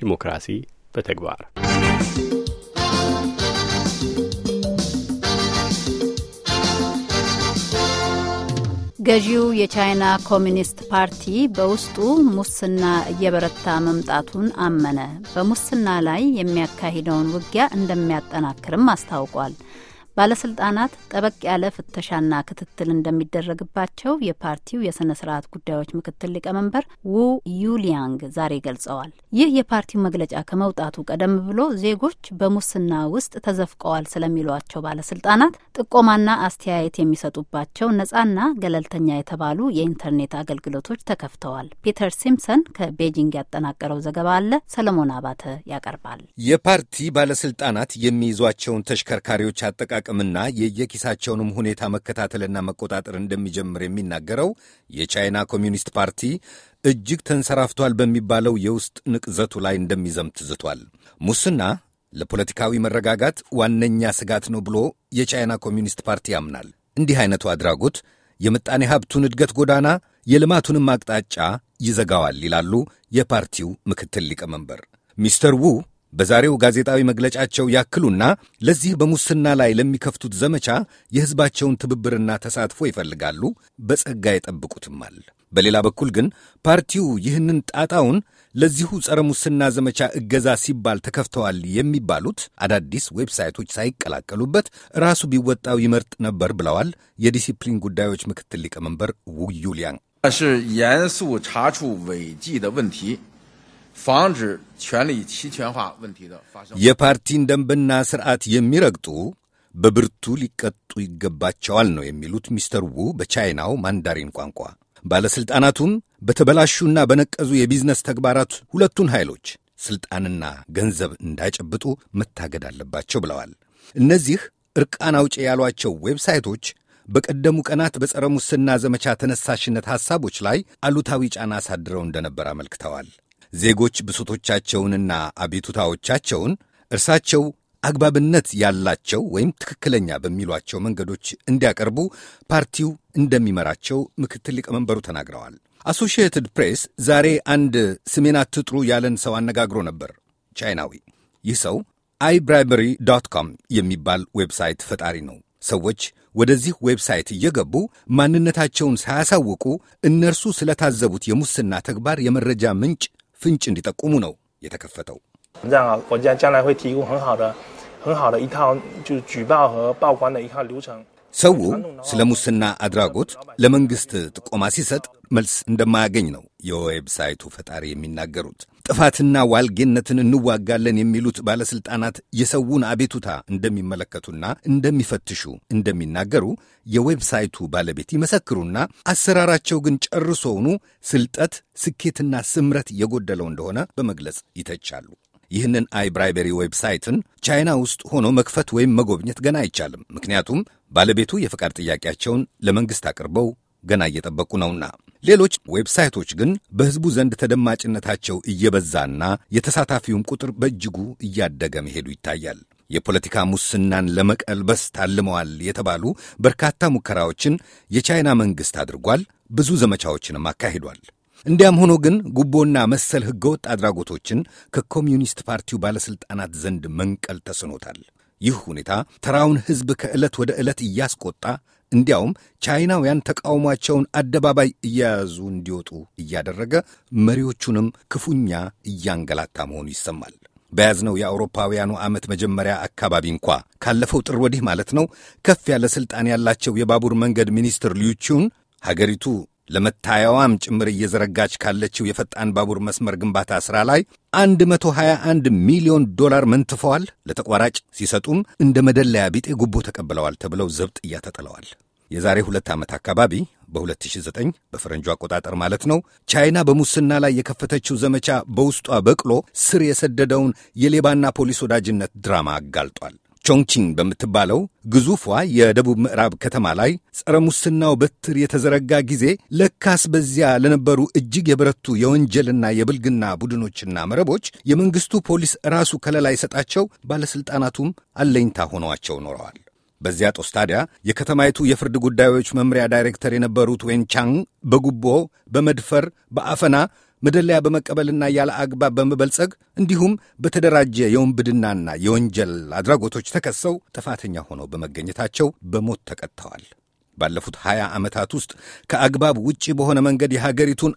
ዲሞክራሲ በተግባር ገዢው የቻይና ኮሚኒስት ፓርቲ በውስጡ ሙስና እየበረታ መምጣቱን አመነ። በሙስና ላይ የሚያካሂደውን ውጊያ እንደሚያጠናክርም አስታውቋል። ባለስልጣናት ጠበቅ ያለ ፍተሻና ክትትል እንደሚደረግባቸው የፓርቲው የሥነ ስርዓት ጉዳዮች ምክትል ሊቀመንበር ዉ ዩሊያንግ ዛሬ ገልጸዋል። ይህ የፓርቲው መግለጫ ከመውጣቱ ቀደም ብሎ ዜጎች በሙስና ውስጥ ተዘፍቀዋል ስለሚሏቸው ባለስልጣናት ጥቆማና አስተያየት የሚሰጡባቸው ነጻና ገለልተኛ የተባሉ የኢንተርኔት አገልግሎቶች ተከፍተዋል። ፒተር ሲምፕሰን ከቤጂንግ ያጠናቀረው ዘገባ አለ። ሰለሞን አባተ ያቀርባል። የፓርቲ ባለስልጣናት የሚይዟቸውን ተሽከርካሪዎች አጠቃቀ አቅምና የየኪሳቸውንም ሁኔታ መከታተልና መቆጣጠር እንደሚጀምር የሚናገረው የቻይና ኮሚኒስት ፓርቲ እጅግ ተንሰራፍቷል በሚባለው የውስጥ ንቅዘቱ ላይ እንደሚዘምት ዝቷል። ሙስና ለፖለቲካዊ መረጋጋት ዋነኛ ስጋት ነው ብሎ የቻይና ኮሚኒስት ፓርቲ ያምናል። እንዲህ አይነቱ አድራጎት የምጣኔ ሀብቱን እድገት ጎዳና፣ የልማቱንም አቅጣጫ ይዘጋዋል ይላሉ የፓርቲው ምክትል ሊቀመንበር ሚስተር ዉ በዛሬው ጋዜጣዊ መግለጫቸው ያክሉና ለዚህ በሙስና ላይ ለሚከፍቱት ዘመቻ የሕዝባቸውን ትብብርና ተሳትፎ ይፈልጋሉ፣ በጸጋ ይጠብቁትማል። በሌላ በኩል ግን ፓርቲው ይህንን ጣጣውን ለዚሁ ጸረ ሙስና ዘመቻ እገዛ ሲባል ተከፍተዋል የሚባሉት አዳዲስ ዌብሳይቶች ሳይቀላቀሉበት ራሱ ቢወጣው ይመርጥ ነበር ብለዋል የዲሲፕሊን ጉዳዮች ምክትል ሊቀመንበር ው የፓርቲን ደንብና ስርዓት የሚረግጡ በብርቱ ሊቀጡ ይገባቸዋል ነው የሚሉት ሚስተር ዉ በቻይናው ማንዳሪን ቋንቋ። ባለሥልጣናቱም በተበላሹና በነቀዙ የቢዝነስ ተግባራት ሁለቱን ኃይሎች ሥልጣንና ገንዘብ እንዳይጨብጡ መታገድ አለባቸው ብለዋል። እነዚህ እርቃን አውጪ ያሏቸው ዌብሳይቶች በቀደሙ ቀናት በጸረ ሙስና ዘመቻ ተነሳሽነት ሐሳቦች ላይ አሉታዊ ጫና አሳድረው እንደነበር አመልክተዋል። ዜጎች ብሶቶቻቸውንና አቤቱታዎቻቸውን እርሳቸው አግባብነት ያላቸው ወይም ትክክለኛ በሚሏቸው መንገዶች እንዲያቀርቡ ፓርቲው እንደሚመራቸው ምክትል ሊቀመንበሩ ተናግረዋል። አሶሺየትድ ፕሬስ ዛሬ አንድ ስሜን አትጥሩ ያለን ሰው አነጋግሮ ነበር። ቻይናዊ። ይህ ሰው አይብራይበሪ ዶት ኮም የሚባል ዌብሳይት ፈጣሪ ነው። ሰዎች ወደዚህ ዌብሳይት እየገቡ ማንነታቸውን ሳያሳውቁ እነርሱ ስለታዘቡት የሙስና ተግባር የመረጃ ምንጭ ፍንጭ እንዲጠቁሙ ነው የተከፈተው። ሰው ስለ ሙስና አድራጎት ለመንግሥት ጥቆማ ሲሰጥ መልስ እንደማያገኝ ነው የዌብሳይቱ ፈጣሪ የሚናገሩት። ጥፋትና ዋልጌነትን እንዋጋለን የሚሉት ባለሥልጣናት የሰውን አቤቱታ እንደሚመለከቱና እንደሚፈትሹ እንደሚናገሩ የዌብሳይቱ ባለቤት ይመሰክሩና አሰራራቸው ግን ጨርሶውኑ ስልጠት፣ ስኬትና ስምረት የጎደለው እንደሆነ በመግለጽ ይተቻሉ። ይህንን አይብራይበሪ ዌብሳይትን ቻይና ውስጥ ሆኖ መክፈት ወይም መጎብኘት ገና አይቻልም። ምክንያቱም ባለቤቱ የፈቃድ ጥያቄያቸውን ለመንግሥት አቅርበው ገና እየጠበቁ ነውና። ሌሎች ዌብሳይቶች ግን በሕዝቡ ዘንድ ተደማጭነታቸው እየበዛና የተሳታፊውም ቁጥር በእጅጉ እያደገ መሄዱ ይታያል። የፖለቲካ ሙስናን ለመቀልበስ ታልመዋል የተባሉ በርካታ ሙከራዎችን የቻይና መንግሥት አድርጓል። ብዙ ዘመቻዎችንም አካሂዷል። እንዲያም ሆኖ ግን ጉቦና መሰል ሕገወጥ አድራጎቶችን ከኮሚዩኒስት ፓርቲው ባለሥልጣናት ዘንድ መንቀል ተስኖታል። ይህ ሁኔታ ተራውን ሕዝብ ከዕለት ወደ ዕለት እያስቆጣ እንዲያውም ቻይናውያን ተቃውሟቸውን አደባባይ እያያዙ እንዲወጡ እያደረገ መሪዎቹንም ክፉኛ እያንገላታ መሆኑ ይሰማል። በያዝነው የአውሮፓውያኑ ዓመት መጀመሪያ አካባቢ እንኳ ካለፈው ጥር ወዲህ ማለት ነው ከፍ ያለ ሥልጣን ያላቸው የባቡር መንገድ ሚኒስትር ሊዩቹን ሀገሪቱ ለመታያዋም ጭምር እየዘረጋች ካለችው የፈጣን ባቡር መስመር ግንባታ ሥራ ላይ 121 ሚሊዮን ዶላር መንትፈዋል። ለተቋራጭ ሲሰጡም እንደ መደለያ ቢጤ ጉቦ ተቀብለዋል ተብለው ዘብጥ እያተጥለዋል። የዛሬ ሁለት ዓመት አካባቢ በ2009 በፈረንጁ አቆጣጠር ማለት ነው። ቻይና በሙስና ላይ የከፈተችው ዘመቻ በውስጧ በቅሎ ስር የሰደደውን የሌባና ፖሊስ ወዳጅነት ድራማ አጋልጧል። ቾንቺንግ በምትባለው ግዙፏ የደቡብ ምዕራብ ከተማ ላይ ጸረ ሙስናው በትር የተዘረጋ ጊዜ ለካስ በዚያ ለነበሩ እጅግ የበረቱ የወንጀልና የብልግና ቡድኖችና መረቦች የመንግስቱ ፖሊስ ራሱ ከለላ የሰጣቸው፣ ባለሥልጣናቱም አለኝታ ሆነዋቸው ኖረዋል። በዚያ ጦስ ታዲያ የከተማይቱ የፍርድ ጉዳዮች መምሪያ ዳይሬክተር የነበሩት ዌንቻንግ በጉቦ፣ በመድፈር፣ በአፈና መደለያ በመቀበልና ያለ አግባብ በመበልጸግ እንዲሁም በተደራጀ የወንብድናና የወንጀል አድራጎቶች ተከሰው ጥፋተኛ ሆነው በመገኘታቸው በሞት ተቀጥተዋል። ባለፉት 20 ዓመታት ውስጥ ከአግባብ ውጪ በሆነ መንገድ የሀገሪቱን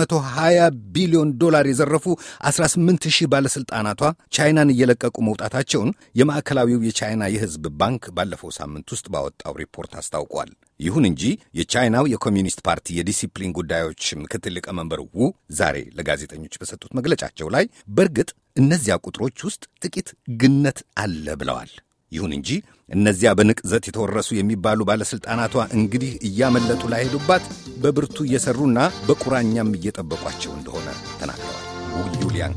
120 ቢሊዮን ዶላር የዘረፉ 18 ሺህ ባለሥልጣናቷ ቻይናን እየለቀቁ መውጣታቸውን የማዕከላዊው የቻይና የሕዝብ ባንክ ባለፈው ሳምንት ውስጥ ባወጣው ሪፖርት አስታውቋል። ይሁን እንጂ የቻይናው የኮሚኒስት ፓርቲ የዲሲፕሊን ጉዳዮች ምክትል ሊቀመንበር ው ዛሬ ለጋዜጠኞች በሰጡት መግለጫቸው ላይ በእርግጥ እነዚያ ቁጥሮች ውስጥ ጥቂት ግነት አለ ብለዋል። ይሁን እንጂ እነዚያ በንቅዘት የተወረሱ የሚባሉ ባለሥልጣናቷ እንግዲህ እያመለጡ ላይሄዱባት በብርቱ እየሠሩና በቁራኛም እየጠበቋቸው እንደሆነ ተናግረዋል።